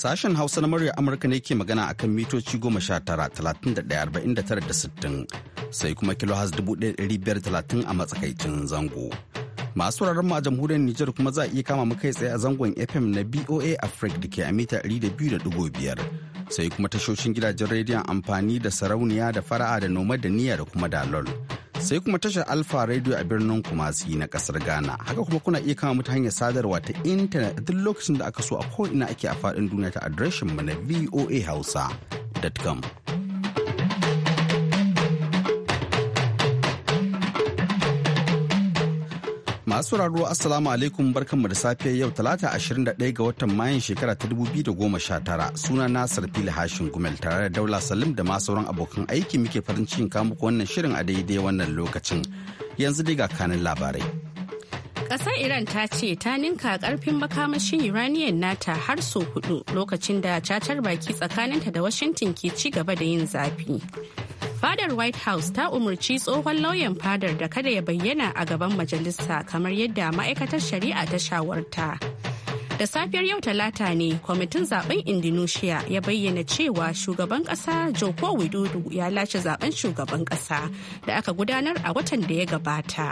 Sashen Hausa na murya Amurka ne ke magana a kan mitoci 19,31,49,60 sai kuma kilohaz 1,530 a matsakaicin zango. Masu wuraren ma a jamhuriyar Nijar kuma za a iya kama kai tsaye a zangon FM na BOA Africa da ke a mita 200.5. sai kuma tashoshin gidajen rediyon amfani da sarauniya da fara'a da noma da niyya da kuma dalol sai kuma tashar alfa radio a birnin kumasi na kasar ghana haka kuma kuna iya kama mata hanyar sadarwa ta intanet a duk lokacin da aka so a ko'ina ake a faɗin duniya ta adireshin mu na voa hausa.com Masu sauraro Assalamu alaikum barkanmu da safe yau talata 21 ga watan Mayun shekara ta 2019 suna Nasir Fili Hashin Gumel tare da Daula Salim da masu sauran abokan aiki muke farin cikin muku wannan shirin a daidai wannan lokacin. Yanzu dai ga kanin labarai. Ƙasar Iran ta ce ta ninka ƙarfin makamashin iranian nata har sau hudu lokacin da cacar baki tsakaninta da Washington ke ci gaba da yin zafi. fadar white house ta umarci tsohon lauyan fadar da kada ya bayyana a gaban majalisa kamar yadda ma'aikatar shari'a ta shawarta da safiyar yau talata ne kwamitin zaben indonesia ya bayyana cewa shugaban kasa joko widodo ya lashe zaben shugaban kasa da aka gudanar a watan da ya gabata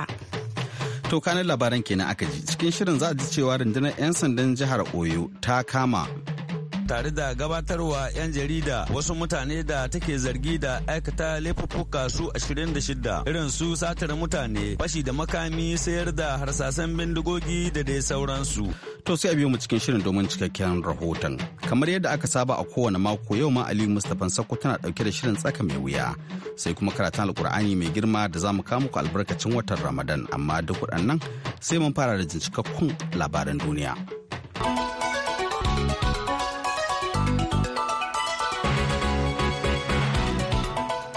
to kanin labaran kenan aka ji cikin shirin za a ji cewa rundunar 'yan sandan jihar oyo ta kama tare da gabatarwa 'yan jarida wasu mutane da take zargi da aikata laifuffuka su 26 irin su satar mutane fashi da makami sayar da harsasan bindigogi da dai sauransu. To sai a biyo mu cikin shirin domin cikakken rahoton. Kamar yadda aka saba a kowane mako yau ma Aliyu Mustapha Sakko tana dauke da shirin tsaka mai wuya. Sai kuma karatun Alkur'ani mai girma da za mu kawo ku albarkacin watan Ramadan amma duk waɗannan sai mun fara da labaran duniya.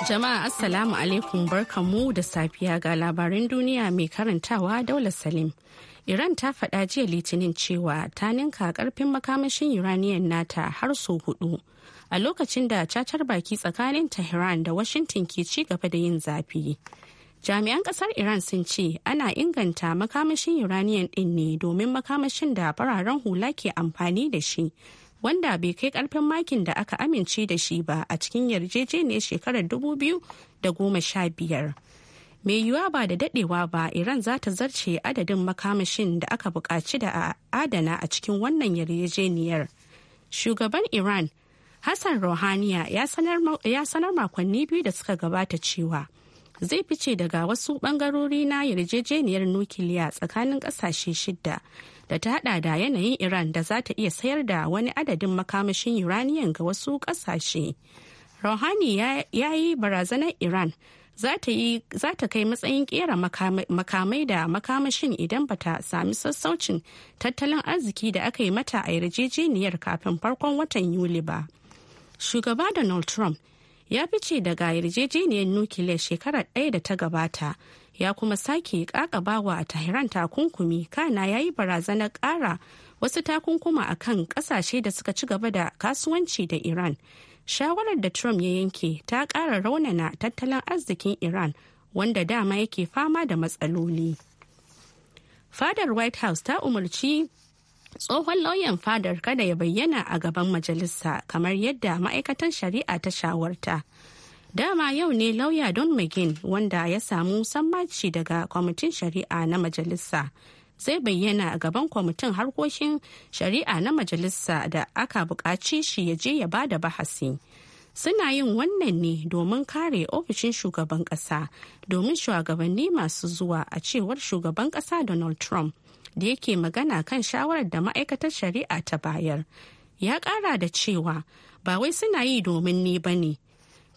Jama'a Assalamu alaikum mu da safiya ga labarin duniya mai karantawa Daula Salim. Iran ta faɗa jiya litinin cewa ta ninka karfin makamashin Iraniyan nata har so hudu. A lokacin da cacar baki tsakanin Tehran da Washington ke ci gaba da yin zafi. Jami'an kasar Iran sun ce ana inganta makamashin Iraniyan ɗin ne domin makamashin da fararen hula ke amfani da shi wanda bai kai karfin makin da aka amince da shi ba a cikin yarjejeniyar shekarar 2015 mai yiwuwa ba da dadewa ba iran za ta zarce adadin makamashin da aka buƙaci da a adana a cikin wannan yarjejeniyar shugaban iran hassan rohaniya ya sanar makonni biyu da suka gabata cewa zai fice daga wasu bangarori na yarjejeniyar nukiliya tsakanin ƙasashe shidda. da ta hada da yanayin Iran da za ta iya sayar da wani adadin makamashin uranium ga wasu kasashe. rohani ya yi barazanar Iran za ta kai matsayin kera makamai da makamashin idan ba ta sami sassaucin tattalin arziki da aka yi mata a yarjejeniyar kafin farkon watan Yuli ba. Shugaba Donald Trump ya fice daga yarjejeniyar nukiliyar shekarar ɗaya da ta gabata ya kuma sake kakabawa a tahiran takunkumi kana ya yi barazanar kara wasu takunkuma a kan kasashe da suka ci gaba da kasuwanci da iran shawarar da trump ya yanke ta kara raunana tattalin arzikin iran wanda dama yake fama da matsaloli fadar white house ta umarci tsohon lauyan fadar kada ya bayyana a gaban majalisa kamar yadda ma'aikatan shari'a ta shawarta. dama yau ne lauya don mcginn wanda ya samu sammaci daga kwamitin shari'a na majalisa zai bayyana a gaban kwamitin harkokin shari'a na majalisa da aka buƙaci shi ya je ya ba da bahasi suna yin wannan ne domin kare ofishin shugaban ƙasa domin shugabanni masu zuwa a cewar shugaban ƙasa donald trump da yake magana kan shawarar da ma'aikatar shari'a ta bayar ya kara da cewa ba wai suna yi domin ni ba ne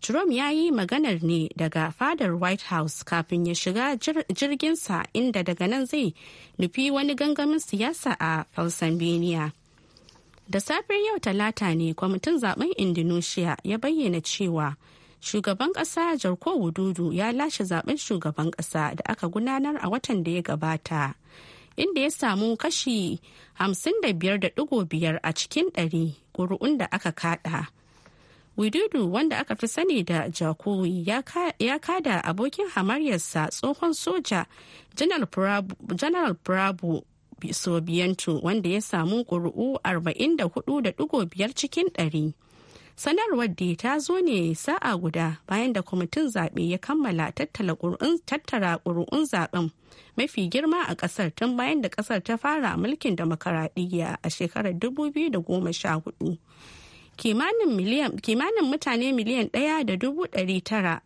Trump ya yi maganar ne daga fadar White House kafin ya shiga jirginsa inda daga nan zai nufi wani gangamin siyasa a Pennsylvania. Da safiyar yau talata ne kwamitin zaben Indonesia ya bayyana cewa shugaban ƙasa Jarko Wududu ya lashe zaben shugaban ƙasa da aka gudanar a watan da ya gabata. inda ya samu kashi 55.5 a cikin 100 ƙuri'un da aka kada wududu wanda aka fi sani da jako ya kada abokin hamaryarsa tsohon soja janaral prabu sobiyanto wanda ya samu ƙuri'u 44.5 cikin 100 sanarwar da ta zo ne sa'a guda bayan da kwamitin zaɓe ya kammala tattara ƙuri'un zaɓen mafi girma a ƙasar tun bayan da ƙasar ta fara mulkin demokaradiyya a shekarar 2014 kimanin mutane miliyan ɗaya da dubu ɗari tara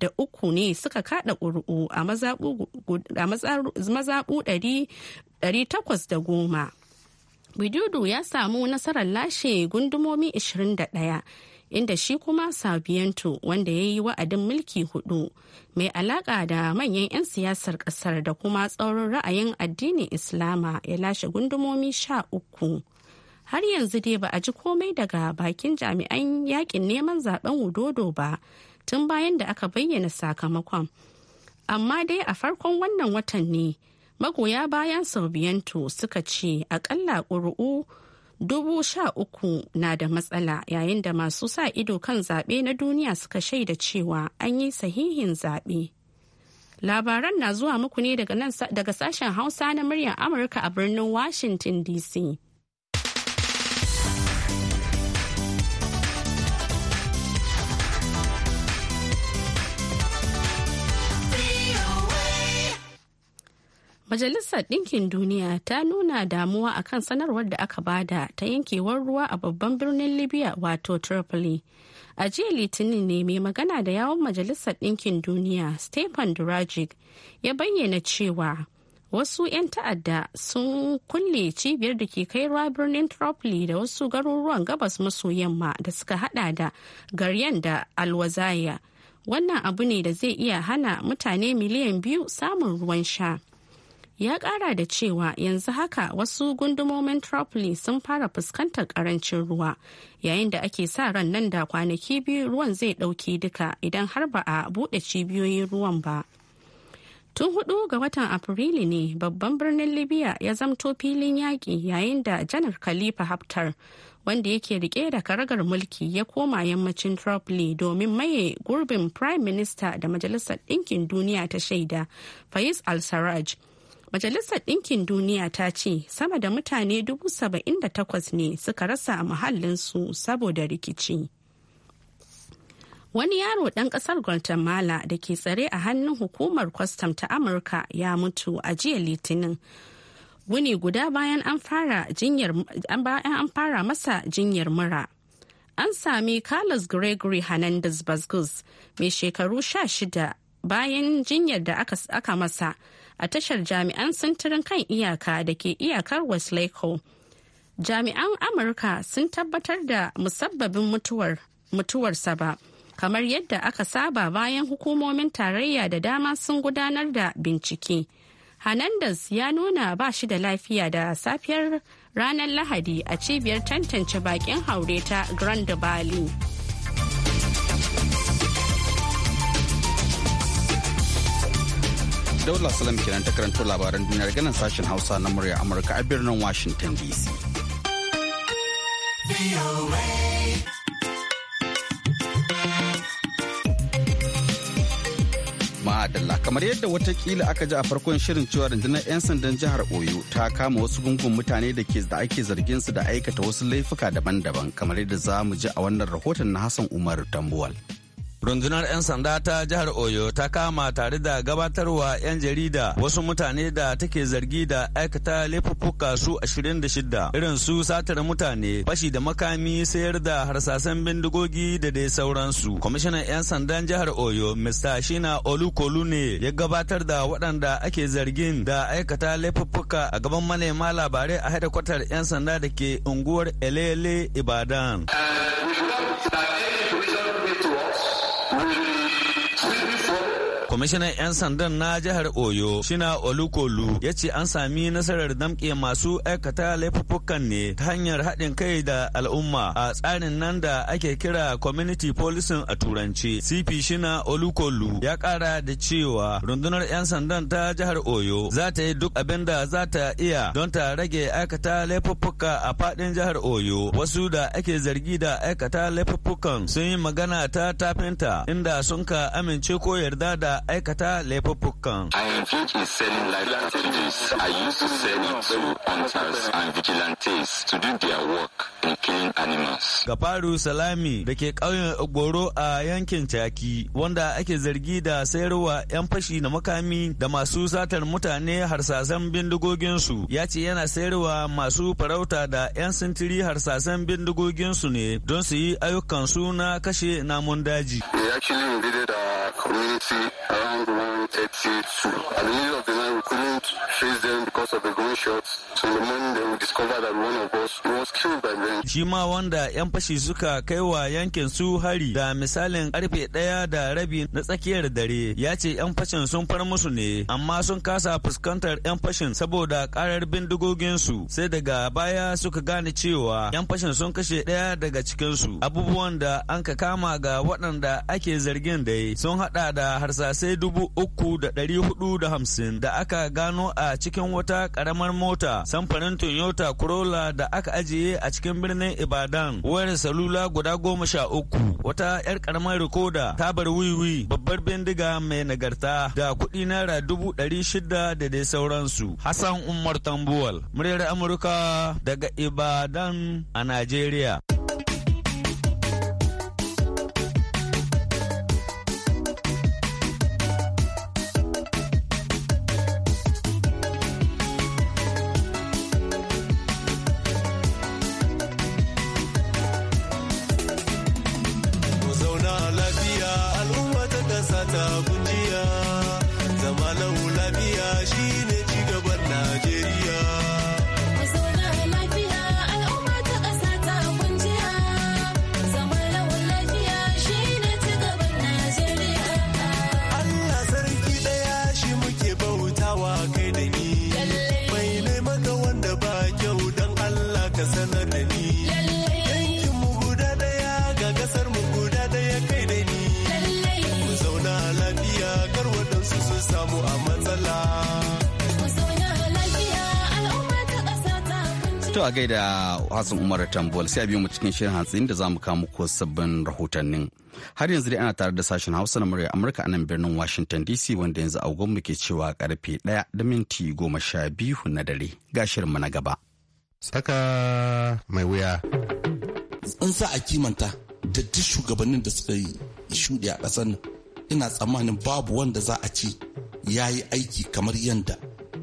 da uku ne suka kaɗa ƙuri'u a mazaɓu ɗari takwas da goma. Bidudu ya samu nasarar lashe gundumomi 21 inda shi kuma Sabiyanto wanda ya yi wa'adin mulki hudu mai alaka da manyan 'yan siyasar kasar da kuma tsaurin ra'ayin addinin Islama ya lashe gundumomi sha uku. har yanzu dai ba a ji komai daga bakin jami'an yakin neman zaben wudodo ba tun bayan da aka bayyana sakamakon amma dai a farkon wannan watan ne magoya bayan sauviyanto suka ce akalla ƙuri'u dubu sha uku na da matsala yayin da masu sa ido kan zaɓe na duniya suka shaida cewa an yi sahihin zaɓe. Labaran na zuwa muku ne daga sashen Hausa na muryar Amurka a birnin Washington DC. Majalisar Ɗinkin Duniya ta nuna damuwa a kan sanarwar da aka bada ta yankewar ruwa a babban birnin Libya wato Tripoli. A jiya Litinin ne mai magana da yawon Majalisar Ɗinkin Duniya stephen Durajic ya bayyana cewa wasu 'yan ta'adda sun kulle cibiyar da ke kai ruwa birnin Tripoli da wasu garuruwan gabas maso yamma da suka hada da Garyan da Alwazaya. Wannan abu ne da zai iya hana mutane miliyan biyu samun ruwan sha. ya kara da cewa yanzu haka wasu gundumomin tripoli sun fara fuskantar karancin ruwa yayin da ake sa ran nan da kwanaki biyu ruwan zai dauki duka idan har ba a bude cibiyoyin ruwan ba tun hudu ga watan afrilu ne babban birnin libya ya zamto filin yaƙi yayin da janar khalifa haftar wanda yake rike da karagar mulki ya koma yammacin tripoli domin maye gurbin prime minister da majalisar ɗinkin duniya ta shaida faiz al-sarraj Majalisar Ɗinkin Duniya ta ce sama da mutane dubu saba'in da takwas ne suka rasa a muhallinsu saboda rikici. Wani yaro ɗan ƙasar Guatemala da ke tsare a hannun hukumar kwastam ta Amurka ya mutu a jiya Litinin. Wuni guda bayan an fara masa jinyar mura. An sami Carlos Gregory Hernandez Basgus mai shekaru sha shida bayan jinyar da aka masa a tashar jami'an sintirin kan iyaka da ke iyakar west lake jami'an amurka sun tabbatar da musabbabin mutuwar mutuwarsa ba kamar yadda aka saba bayan hukumomin tarayya da dama sun gudanar da bincike hernandez ya nuna ba shi da lafiya da safiyar ranar lahadi a cibiyar tantance bakin haure ta grand valley Daula Salam kenan ta karanto labaran duniya daga nan sashen Hausa na murya Amurka a birnin Washington DC. Ma'adalla kamar yadda watakila aka ji a farkon shirin cewa rundunar 'yan sandan jihar Oyo ta kama wasu gungun mutane da ke da ake zargin su da aikata wasu laifuka daban-daban kamar yadda za mu ji a wannan rahoton na Hassan Umar Tambuwal. rundunar 'yan sanda ta jihar oyo ta kama tare da gabatarwa 'yan jarida wasu mutane da take zargi da aikata laifuffuka su 26 irin su satar mutane fashi da makami sayar da harsasan bindigogi da dai sauransu kwamishinan 'yan sandan jihar oyo mr shina olukolu ne ya gabatar da waɗanda ake zargin da aikata laifuffuka a gaban manema labarai a hedikwatar 'yan sanda da ke unguwar elele ibadan uh, kwamishinan 'yan sandan na jihar oyo shina olukolu ya ce an sami nasarar damƙe masu aikata laifukan ne ta hanyar haɗin kai da al'umma a tsarin nan da ake kira community policing a turanci cp shina olukolu ya ƙara da cewa rundunar 'yan sandan ta jihar oyo za ta yi duk abin da za ta iya don ta rage aikata laifukan a faɗin jihar oyo wasu da ake zargi da aikata laifukan. sun yi magana ta tafinta inda sun ka amince ko yarda da aikata laifuffukan. I engage in selling life I used to sell it to hunters and vigilantes to do their work in killing animals. Gafaru Salami da ke ƙauyen Ogboro a yankin Taki wanda ake zargi da sayarwa 'yan fashi na makami da masu satar mutane harsasan bindigoginsu ya ce yana sayarwa masu farauta da 'yan sintiri harsasan bindigoginsu ne don su yi ayyukansu na kashe namun daji. community around the world that you, I mean, couldn't face them because of the gunshots. So the moment they would discover that one of us was killed by them. Shi ma wanda 'yan fashi suka kai wa yankin su hari da misalin karfe ɗaya da rabi na tsakiyar dare ya ce 'yan fashin sun far musu ne amma sun kasa fuskantar 'yan fashin saboda karar bindigoginsu sai daga baya suka gane cewa 'yan fashin sun kashe ɗaya daga cikin su abubuwan da an ka kama ga waɗanda ake zargin dai sun haɗa da harsasai dubu uku da ɗari hudu da hamsin da aka aka gano a cikin wata karamar mota samfanin Toyota Corolla da aka ajiye a cikin birnin Ibadan wayar salula guda goma sha uku wata 'yar karamar rikoda ta bar wiwi babbar bindiga mai nagarta da kuɗi naira dubu ɗari shida da dai sauransu. Hassan Umar Tambuwal, muryar Amurka daga Ibadan a Najeriya. To a gaida Hassan Umar Tambol sai a biyo mu cikin shirin hantsin da za mu kawo muku sabbin rahotannin. Har yanzu dai ana tare da sashen Hausa na murya Amurka a nan birnin Washington DC wanda yanzu agon mu ke cewa karfe ɗaya da minti goma sha biyu na dare ga shirinmu na gaba. saka mai wuya. In sa a kimanta da duk shugabannin da suka yi shuɗe a ƙasar nan ina tsammanin babu wanda za a ci ya yi aiki kamar yadda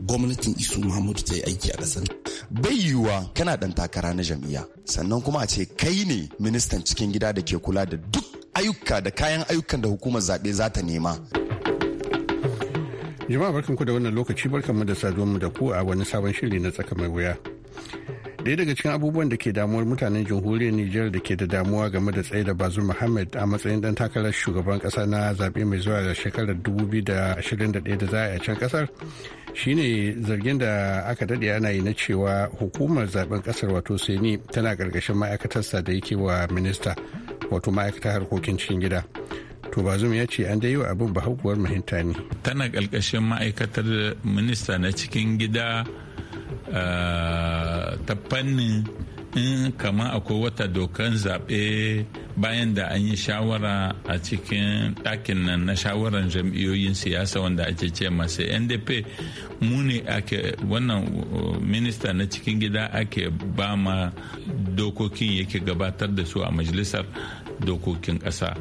gwamnatin isu muhammadu ta yi aiki a ƙasar bai yiwuwa kana ɗan takara na jam'iyya sannan kuma a ce kai ne ministan cikin gida da ke kula da duk ayyuka da kayan ayyukan da hukumar zaɓe za ta nema jama'a barkanku da wannan lokaci barkanmu da saduwanmu da ku a wani sabon shiri na tsaka mai wuya Daya daga cikin abubuwan da ke damuwar mutanen jamhuriyar Nijar da ke da damuwa game da tsaye da bazu Muhammad a matsayin dan takarar shugaban kasa na zaɓe mai zuwa da shekarar 2021 da za a yi a can kasar shine zargin da aka daɗe ana yi na cewa hukumar zaɓen kasar wato Seni tana ƙarƙashin ma'aikatarsa da yake wa minista wato ma'aikatar harkokin cikin gida. to bazum ya ce an dai wa abin ba mahinta ne tana ƙarƙashin ma'aikatar minista na cikin gida Eh, ta fannin in eh, kama akwai wata dokan zaɓe bayan da an yi shawara a cikin ɗakin nan na shawarar jam'iyyoyin siyasa wanda ake ce masu ndp mu ne ake wannan eh, minista na cikin gida ake ba ma dokokin yake gabatar da su a majalisar dokokin ƙasa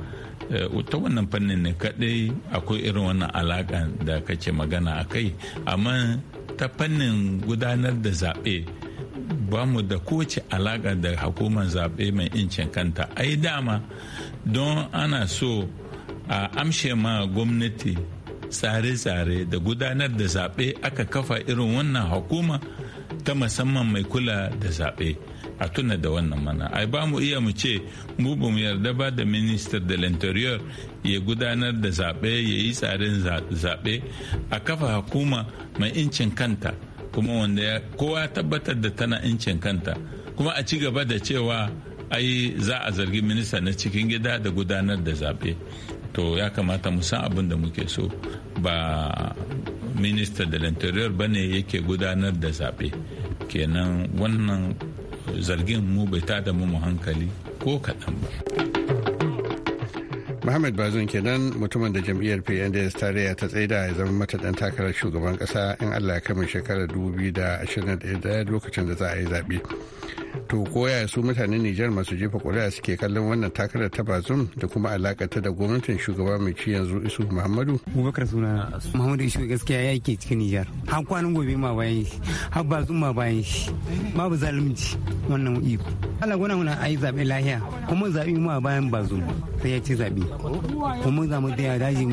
ta wannan fannin ne kaɗai akwai irin wannan alaƙa da kake magana a kai amma ta fannin gudanar da zaɓe ba mu da kowace alaƙa da hukumar zaɓe mai incin kanta ai dama don ana so a amshe ma gwamnati tsare-tsare da gudanar da zaɓe aka kafa irin wannan hukuma ta musamman mai kula da zaɓe a tuna da wannan mana ai ba mu iya mu ce mu ba mu yarda ba da minister da l'interior ya gudanar da zaɓe ya yi tsarin zaɓe a kafa hukuma mai incin kanta kuma wanda kowa tabbatar da tana incin kanta kuma a ci gaba da cewa ai za a zargi minista na cikin gida da gudanar da zaɓe to ya kamata mu san abin da muke so ba minista da l'interior ba ne yake gudanar da zaɓe kenan wannan zargin mu bai tada mu hankali ko kaɗan ba. Muhammad Bazin kenan mutumin da jam'iyyar PNDS tarayya ta tsaida ya zama mata dan takarar shugaban ƙasa in Allah ya kama shekarar 2021 lokacin da za a yi zaɓe. to koya su mutanen Nijar masu jefa kuri'a suke kallon wannan takarar ta bazum da kuma alakata da gwamnatin shugaba mai ci yanzu isu muhammadu bubakar suna ah, muhammadu isu gaskiya ya ke cikin nijar har kwanan gobe ma bayan shi har bazum ma bayan shi babu zalunci wannan iko ala gona muna ayi zabe lahiya kuma zabi mu a bayan bazum sai ya ci zaɓe kuma za mu daya daji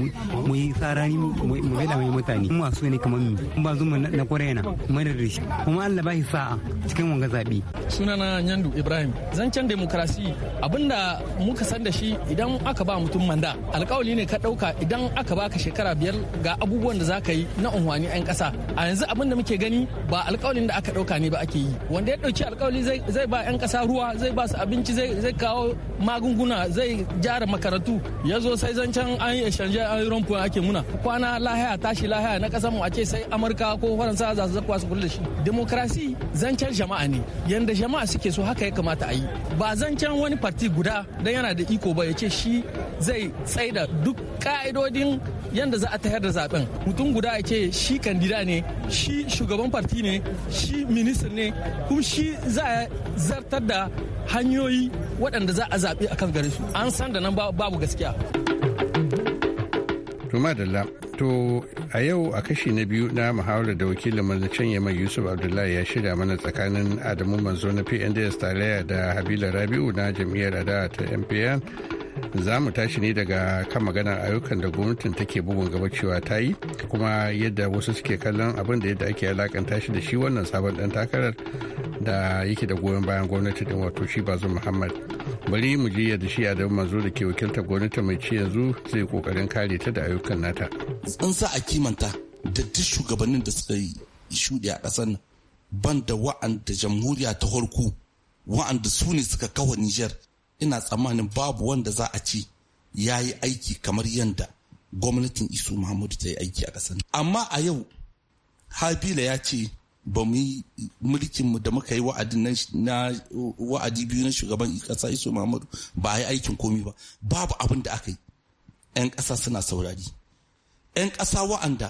mu yi tsarani mu gaida mai mutane mu masu ne kamar mu bazum na kwarena mai da shi kuma allah ba shi sa'a cikin wanga zaɓe suna sunana Nyandu Ibrahim. Zancen demokrasi abinda muka san da shi idan aka ba mutum manda alkawali ne ka dauka idan aka baka shekara biyar ga abubuwan da zaka yi na unhwani 'yan kasa. A yanzu abin da muke gani ba alkawalin da aka dauka ne ba ake yi. Wanda ya dauki alkawali zai ba 'yan kasa ruwa zai ba su abinci zai kawo magunguna zai gyara makarantu ya zo sai zancen an yi shanje an yi rompu ake muna kwana lahiya tashi lahiya na kasan mu a ce sai amurka ko faransa za su zakwa su kula da shi demokrasi zancen jama'a ne yanda jama'a jama'a suke so haka ya kamata a yi ba zancen wani parti guda dan yana da iko ba ya ce shi zai tsaida duk ka'idodin yadda za a tayar da zaben mutum guda ya ce shi kandida ne shi shugaban parti ne shi minista ne kuma shi za a zartar da hanyoyi waɗanda za a zaɓi akan gare su an san da nan babu gaskiya To madalla, to a yau a kashi na biyu na muhawarar da wakilin mazacen yamma Yusuf Abdullahi ya shirya mana tsakanin Adamu Manzo na PNDS talaya da Habila Rabi'u na jam'iyyar adawa ta MPN za mu tashi ne daga kan maganar ayyukan da gwamnatin take bugun gaba cewa ta yi kuma yadda wasu suke kallon abin da yadda ake alakanta shi da shi wannan sabon dan takarar da yake da goyon bayan gwamnati din wato shi bazu muhammad bari mu je yadda shi adamu manzo da ke wakilta gwamnati mai ci yanzu zai kokarin kare ta da ayyukan nata in sa a kimanta da duk shugabannin da suka yi shuɗe a ƙasar nan ban da wa'anda jamhuriya ta farko wa'anda su ne suka kawo Nijar ina tsammanin babu wanda za a ci ya yi aiki kamar yadda gwamnatin isu muhammadu ta yi aiki a ƙasar amma a yau habila ya ce ba mu yi mulkinmu da muka yi wa'adi biyu na shugaban ƙasa isu muhammadu ba a yi aikin komi ba babu abin da aka yi 'yan ƙasa suna saurari 'yan ƙasa wa'anda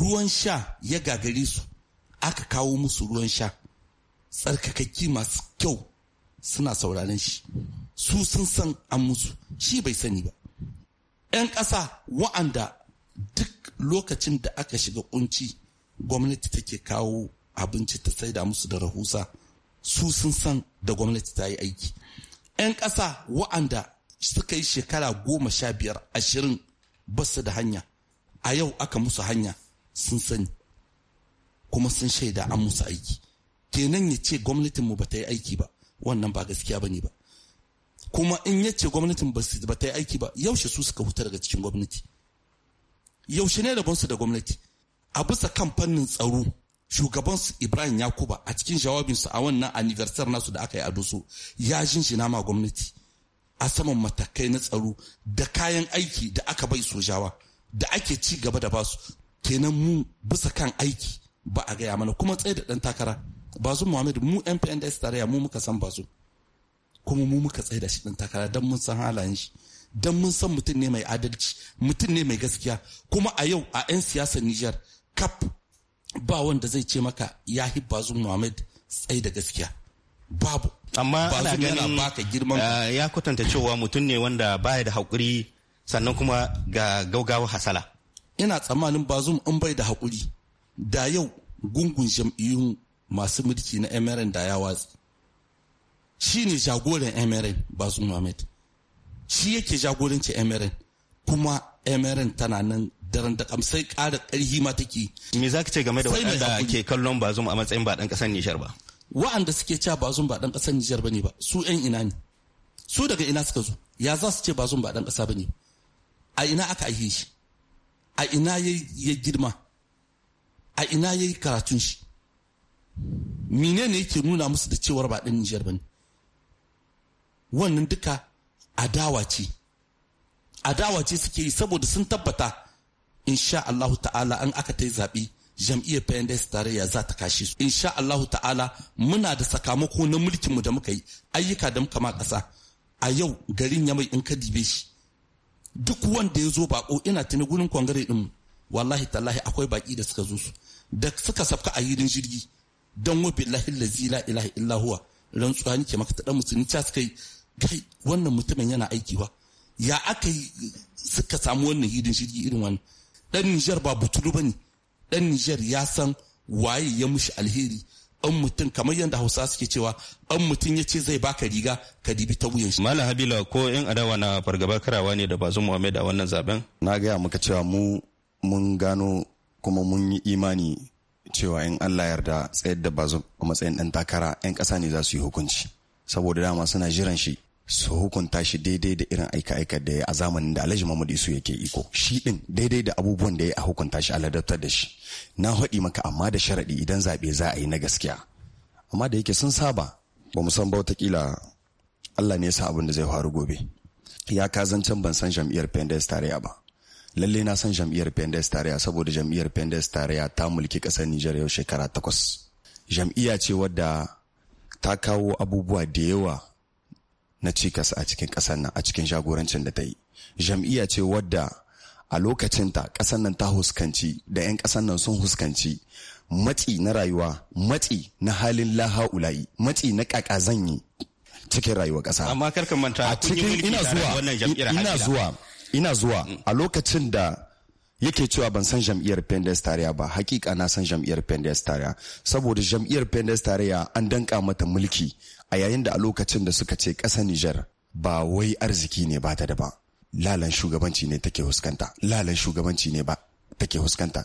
ruwan sha ya gagare su aka kawo musu ruwan sha tsarkakakki masu kyau suna sauraron shi su sun san an musu shi bai sani ba 'yan ƙasa wa'anda duk lokacin da aka shiga kunci gwamnati take kawo abinci ta saida musu da rahusa su sun san da gwamnati ta yi aiki 'yan ƙasa wa'anda suka yi shekara goma sha biyar ashirin basu da hanya a yau aka musu hanya sun sani kuma sun shaida an musu aiki kenan ya ce gwamnatinmu ba ta yi aiki ba wannan ba gaskiya bane ba kuma in yace gwamnatin ba ta yi aiki ba yaushe su suka huta daga cikin gwamnati yaushe ne rabonsu da gwamnati a bisa kan fannin tsaro shugabansu ibrahim yakuba a cikin jawabinsu a wannan anniversary nasu da aka yi a dusu ya jinjina ma gwamnati a saman matakai na tsaro da kayan aiki da aka bai sojawa da ake ci gaba da basu kenan mu bisa kan aiki ba a gaya mana kuma tsaye da ɗan takara bazu muhammed mu mpns tarayya mu muka san bazu kuma mu muka tsaye da shi ɗin takara don mun san halayen shi don mun san mutum ne mai adalci mutum ne mai gaskiya kuma a yau a 'yan siyasar niger kap ba wanda zai ce maka ya hi bazu muhammed tsaye da gaskiya babu amma ana ganin baka girman eh, ya kwatanta cewa mutum ne wanda baya da haƙuri sannan kuma ga gaugawa hasala ina tsammanin bazum in bai da haƙuri da yau gungun jam'iyyun masu mulki na emirin da ya watsi shi ne jagoran mrn basu mohamed shi yake jagoranci emirin kuma emirin tana nan daren da kamsai kara karhi ma take me zaka ce game da waɗanda ke kallon bazum a matsayin ba ɗan ƙasar nishar ba wa'anda suke cewa bazum ba ɗan ƙasar nishar bane ne ba su ɗan ina ne su daga ina suka zo ya za su ce bazum ba ɗan kasa ba ne a ina aka aihe shi a ina ya girma a ina ya yi karatun shi menene yake nuna musu da cewar ba ɗin Nijar bane wannan duka adawa ce adawa ce suke yi saboda sun tabbata insha Allahu ta'ala an aka ta yi zaɓe jam'iyyar PNDS tarayya za ta kashe su insha Allahu ta'ala muna da sakamako na mulkinmu da muka yi ayyuka da muka ma ƙasa a yau garin ya mai in ka dibe shi duk wanda ya zo bako ina tuni gurin kwangare ɗin wallahi tallahi akwai baki da suka zo su da suka safka a yirin jirgi don wafi lahil lazi la illa rantsuwa nike maka taɗa dan musulmi ta kai wannan mutumin yana aiki wa ya aka yi suka samu wannan hidin shirgi irin wani? Ɗan Nijar ba butulu ne. Ɗan Nijar ya san waye ya mushi alheri Ɗan mutum kamar yadda hausa suke cewa ɗan mutum ya ce zai baka riga ka dibi ta wuyan shi. Malam Habila ko yan adawa na fargaba karawa ne da bazu Muhammad a wannan zaben? Na gaya maka cewa mu mun gano kuma mun yi imani cewa in Allah yarda tsayar da bazo a matsayin ɗan takara 'yan ƙasa ne za su yi hukunci saboda dama suna jiran shi su hukunta shi daidai da irin aika-aika da ya a zamanin da Alhaji Muhammad Isu yake iko shi ɗin daidai da abubuwan da ya a hukunta shi aladabtar da shi na haɗi maka amma da sharaɗi idan zaɓe za a yi na gaskiya amma da yake sun saba ba mu san ba watakila Allah ne ya sa abin da zai faru gobe ya ka ban san jam'iyyar Pendes tarayya ba lalle na san jam'iyyar pendes tarayya saboda jam'iyyar pendes tarayya ta mulki ƙasar nijar yau shekara takwas jam'iyya ce wadda ta kawo abubuwa da yawa na cikas a cikin ƙasar nan a cikin jagorancin da ta yi jam'iyya ce wadda a lokacinta ƙasar nan ta huskanci da 'yan ƙasar nan sun huskanci matsi na rayuwa matsi na halin laha'ula'i matsi na ƙaƙa zanyi cikin rayuwar ƙasa amma karkan manta a cikin ina zuwa ina zuwa ina zuwa a lokacin da yake cewa ban san jam'iyyar pendes tariya ba hakika na san jam'iyyar pendes tariya saboda jam'iyyar pendes tarayya an danka mata mulki a yayin da a lokacin da suka ce ƙasa nijar. ba wai arziki ne ba ta da ba lalan shugabanci ne take huskanta lalan shugabanci ne ba take huskanta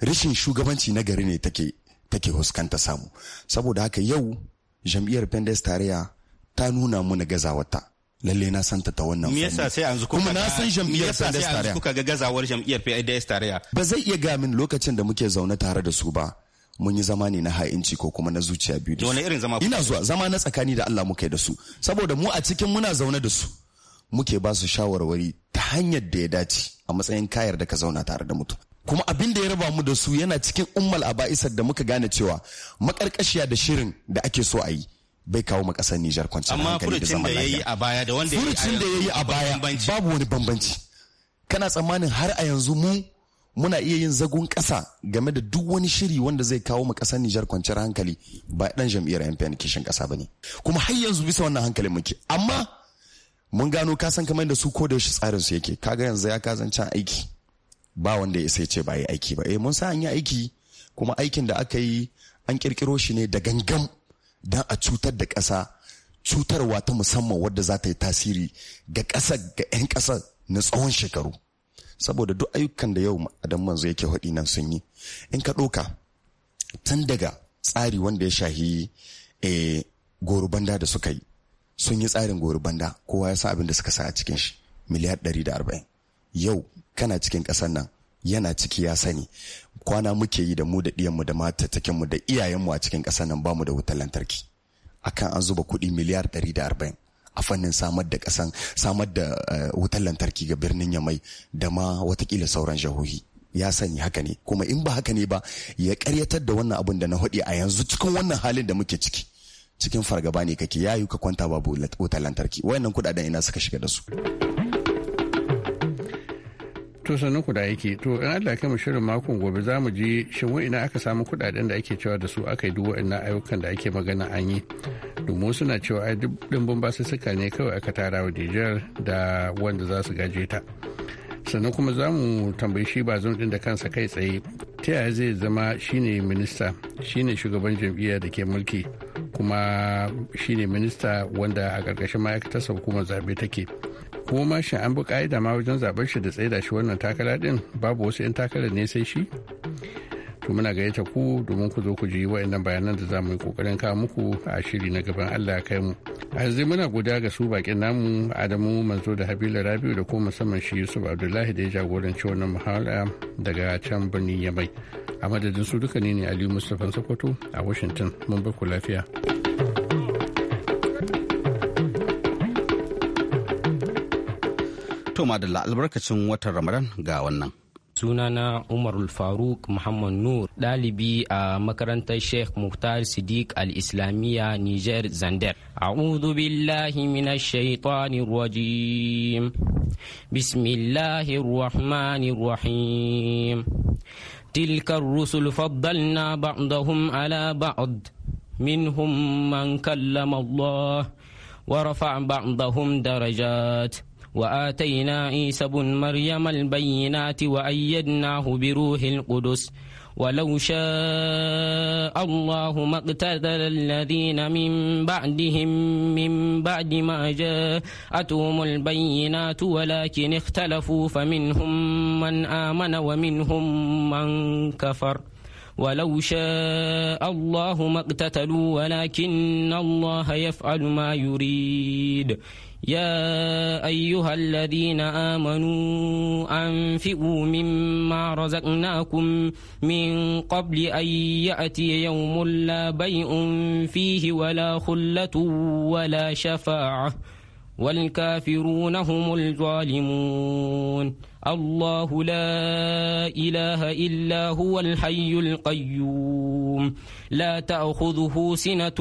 rashin shugabanci na gari ne take take huskanta samu saboda haka yau jam'iyyar pendes tarayya ta nuna mana gazawarta lalle na san ta wannan me yasa sai yanzu kuma na san jam'iyyar PNDS tarayya kuka ga gazawar jam'iyyar PNDS Tare. ba zai iya ga min lokacin da muke zaune tare da su ba mun yi zama ne na ha'inci ko kuma na zuciya biyu da wani irin zama ina zuwa zama na tsakani da Allah muka yi da su saboda mu a cikin muna zaune da su muke ba su shawarwari ta hanyar da ya dace a matsayin kayar da ka zauna tare da mutum kuma abin da ya raba mu da su yana cikin ummal aba'isar da muka gane cewa maƙarƙashiya da shirin da ake so a yi bai kawo ma kasar Nijar kwanciyar hankali da zaman lafiya. Amma furucin da wanda furucin da yayi a baya babu wani bambanci. Kana tsammanin har a yanzu mu muna iya yin zagon kasa game da duk wani shiri wanda zai kawo ma kasar Nijar kwanciyar hankali ba dan jam'iyyar MPN kishin kasa bane. Kuma har yanzu bisa wannan hankalin muke. Amma mun gano ka san kamar da su ko da yaushe tsarin su yake. Kaga yanzu ya can aiki. Ba wanda ya sai ce ba yi aiki ba. Eh mun sa an yi aiki kuma aikin da aka yi an kirkiro shi ne da gangan don a cutar da ƙasa cutarwa ta musamman wadda za ta yi tasiri ga ƙasa ga 'yan ƙasa na tsawon shekaru saboda duk ayyukan da yau adam manzo yake haɗi nan sun yi in ka ɗoka tun daga tsari wanda ya shahi eh, gorubanda da suka yi sun yi tsarin gorubanda kowa ya san abin da suka sa a cikin shi miliyar ɗari da arba'in yau kana cikin ƙasar nan yana ciki ya sani kwana muke yi da mu da ɗiyanmu da matatakin mu da iyayenmu a cikin ƙasar nan bamu da wutar lantarki akan an zuba kuɗi miliyar ɗari da arba'in a fannin samar da ƙasan samar da eh, wutar lantarki ga birnin yamai da ma watakila sauran jahohi ya sani haka ne kuma in ba haka ne ba ya karyatar da wannan abun da na haɗi a yanzu cikin wannan halin da muke ciki cikin fargaba ne kake yayu ka kwanta babu wutar lantarki wayannan kuɗaɗen ina suka shiga da su. to sannan ku da yake to in Allah kai mu shirin makon gobe za mu je shin ina aka samu kudaden da ake cewa da su aka yi duk ina ayyukan da ake magana an yi domin suna cewa ai duk dimbin basussuka ne kawai aka tara wa Nijar da wanda za su gaje ta sannan kuma za mu tambayi shi ba zan da kansa kai tsaye ta yaya zai zama shine minista shine shugaban jam'iyya da ke mulki kuma shine minista wanda a ƙarƙashin ma'aikatar hukumar zaɓe take kuma ma shi an bi ka'ida ma wajen zaben shi da tsaida shi wannan takara din babu wasu 'yan takarar ne sai shi to muna gayyata ku domin ku zo ku ji waɗannan bayanan da za mu yi kokarin kawo muku a shiri na gaban Allah kai mu a yanzu muna guda ga su bakin namu Adamu Manzo da Habila Rabiu da kuma musamman shi Yusuf Abdullahi da ya jagoranci wannan muhawara daga can birnin Yamai a madadin su duka ne ne Aliyu Mustapha Sokoto a Washington mun bar ku lafiya. To madalla albarkacin watan Ramadan ga wannan. sunana umar faruk muhammad nur ɗalibi a makarantar sheikh muhtar siddiq al-islamiyya niger zander a'udhu billahi minash shaitanir rajim bismillahir rahmanir rahim tilka rusul faddalna ba'dahum ala ba'd minhum man kallama allah ورفع بعضهم درجات وآتينا عيسى بن مريم البينات وأيدناه بروح القدس ولو شاء الله ما اقتتل الذين من بعدهم من بعد ما جاءتهم البينات ولكن اختلفوا فمنهم من آمن ومنهم من كفر ولو شاء الله ما اقتتلوا ولكن الله يفعل ما يريد يا أيها الذين آمنوا أنفئوا مما رزقناكم من قبل أن يأتي يوم لا بيء فيه ولا خلة ولا شفاعة والكافرون هم الظالمون الله لا إله إلا هو الحي القيوم لا تأخذه سنة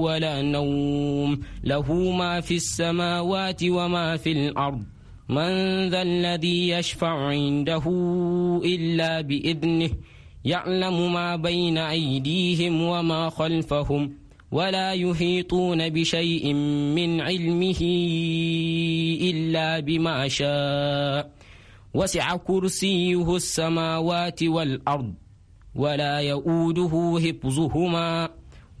ولا نوم له ما في السماوات وما في الأرض من ذا الذي يشفع عنده إلا بإذنه يعلم ما بين أيديهم وما خلفهم ولا يحيطون بشيء من علمه إلا بما شاء وسع كرسيه السماوات والأرض ولا يؤوده حفظهما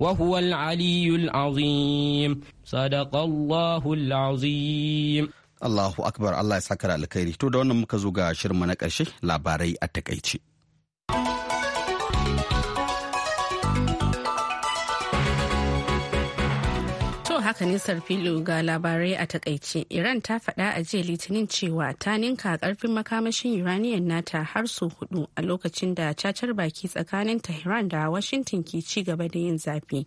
وهو العلي العظيم صدق الله العظيم Allahu Akbar Allah ya sakar alkhairi to da wannan muka zo ga shirma na ƙarshe labarai a takaice. haka ne filo ga labarai a takaice iran ta faɗa a jiya litinin cewa ta ninka karfin makamashin iraniyan nata har sau hudu a lokacin da cacar baki tsakanin tehran da washington ke ci gaba da yin zafi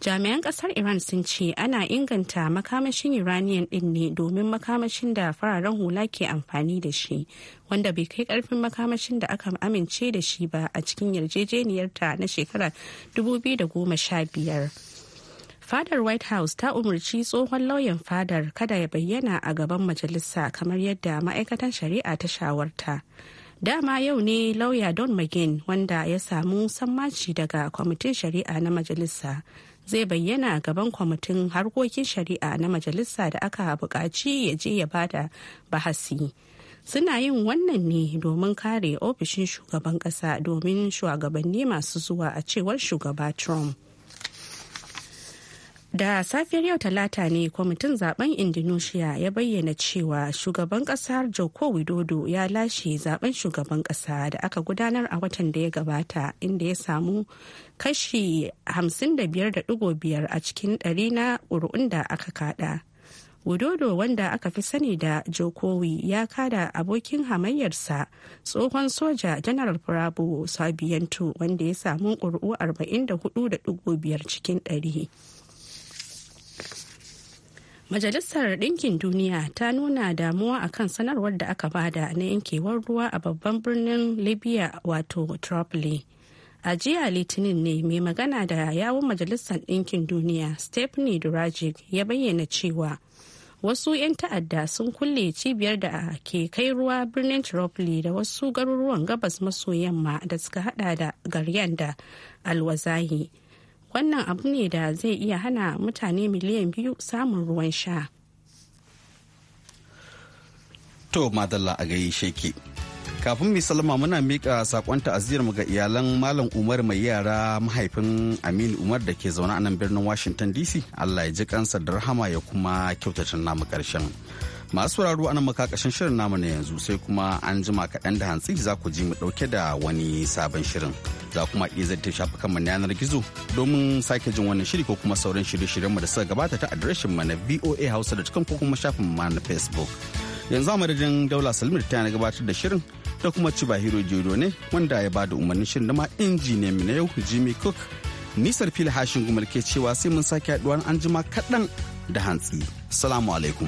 jami'an kasar iran sun ce ana inganta makamashin iranian din ne domin makamashin da fararen hula ke amfani da shi wanda bai kai karfin makamashin da aka amince da shi ba a cikin yarjejeniyarta na shekarar 2015 fadar white house ta umarci tsohon lauyan fadar kada ya bayyana a gaban majalisa kamar yadda ma'aikatan shari'a ta shawarta dama yau ne lauya don McGinn wanda ya samu sammaci daga kwamitin shari'a na majalisa zai bayyana gaban kwamitin harkokin shari'a na majalisa da aka buƙaci ya je ya bada bahasi suna yin wannan ne domin kare ofishin shugaban ƙasa domin shugabanni masu zuwa a cewar shugaba trump da safiyar yau talata ne kwamitin zaben indonesia ya bayyana cewa shugaban kasar joko widodo ya lashe zaben shugaban kasa da aka gudanar a watan da ya gabata inda ya samu kashi 55.5 a cikin ɗari na ƙuri'un da aka kada widodo wanda aka fi sani da jokowi ya kada abokin hamayyarsa tsohon soja janar prabowo sabiyanto wanda ya samu ƙuri'u 44.5 cikin ɗari. Majalisar Ɗinkin Duniya ta nuna damuwa a kan sanarwar da aka bada na yankewar ruwa a babban birnin Libya wato Tripoli. A jiya Litinin ne mai magana da yawun Majalisar Ɗinkin Duniya Stephanie Durajic ya bayyana cewa wasu 'yan ta'adda sun kulle cibiyar da ke kai ruwa birnin Tripoli da wasu garuruwan gabas maso yamma da suka hada da Garyan da Alwazahi. wannan abu ne da zai iya hana mutane miliyan biyu samun ruwan sha to madalla a gayi sheke. kafin mai salama muna miƙa saƙon ta'aziyar mu ga iyalan malam umar mai yara mahaifin aminu umar da ke zaune a nan birnin washington dc allah ya ji kansa da rahama ya kuma kyautata namu ƙarshen. masu sauraro anan maka shirin namu na yanzu sai kuma an jima kaɗan da hantsi za ku ji mu ɗauke da wani sabon shirin za kuma iya shafi shafukanmu na yanar gizo domin sake jin wannan shiri ko kuma sauran shirye-shiryenmu da suka gabata ta adireshin mu na voa hausa da cikin ko kuma shafin mu na facebook yanzu a madadin daula salimir ta na gabatar da shirin ta kuma ci bahiro jiro ne wanda ya bada umarnin shirin da ma injiniyan mu na yau jimmy cook nisar fili hashin gumal ke cewa sai mun sake haɗuwa an jima kaɗan da hantsi salamu alaikum